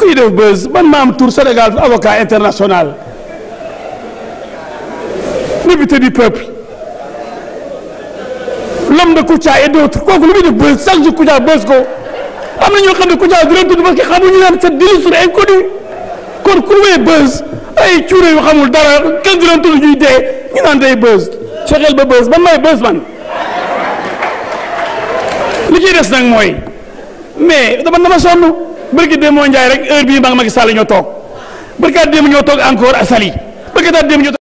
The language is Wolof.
kuy def buzz man ma am tour Sénégal avocat international député du peuple l'homme de Kouthia et d'autres kooku lu muy def buzz chaque jour Kouthia buzz ko am na ñoo xam ne Kouthia du leen tudd parce que xamuñu naan c'est illustre inconnu kon ku wee buzz ay cuure yu xamul dara kenn du leen tudd ñuy dee ñu naan day buzz fexeel ba buzz man may buzz man li ciy des mooy mais dama dama sonn. barki démb moo njaay rek heure bii maa ngi Macky Sall ñoo toog barkaat démb encore ak Sali barkaat démb ñoo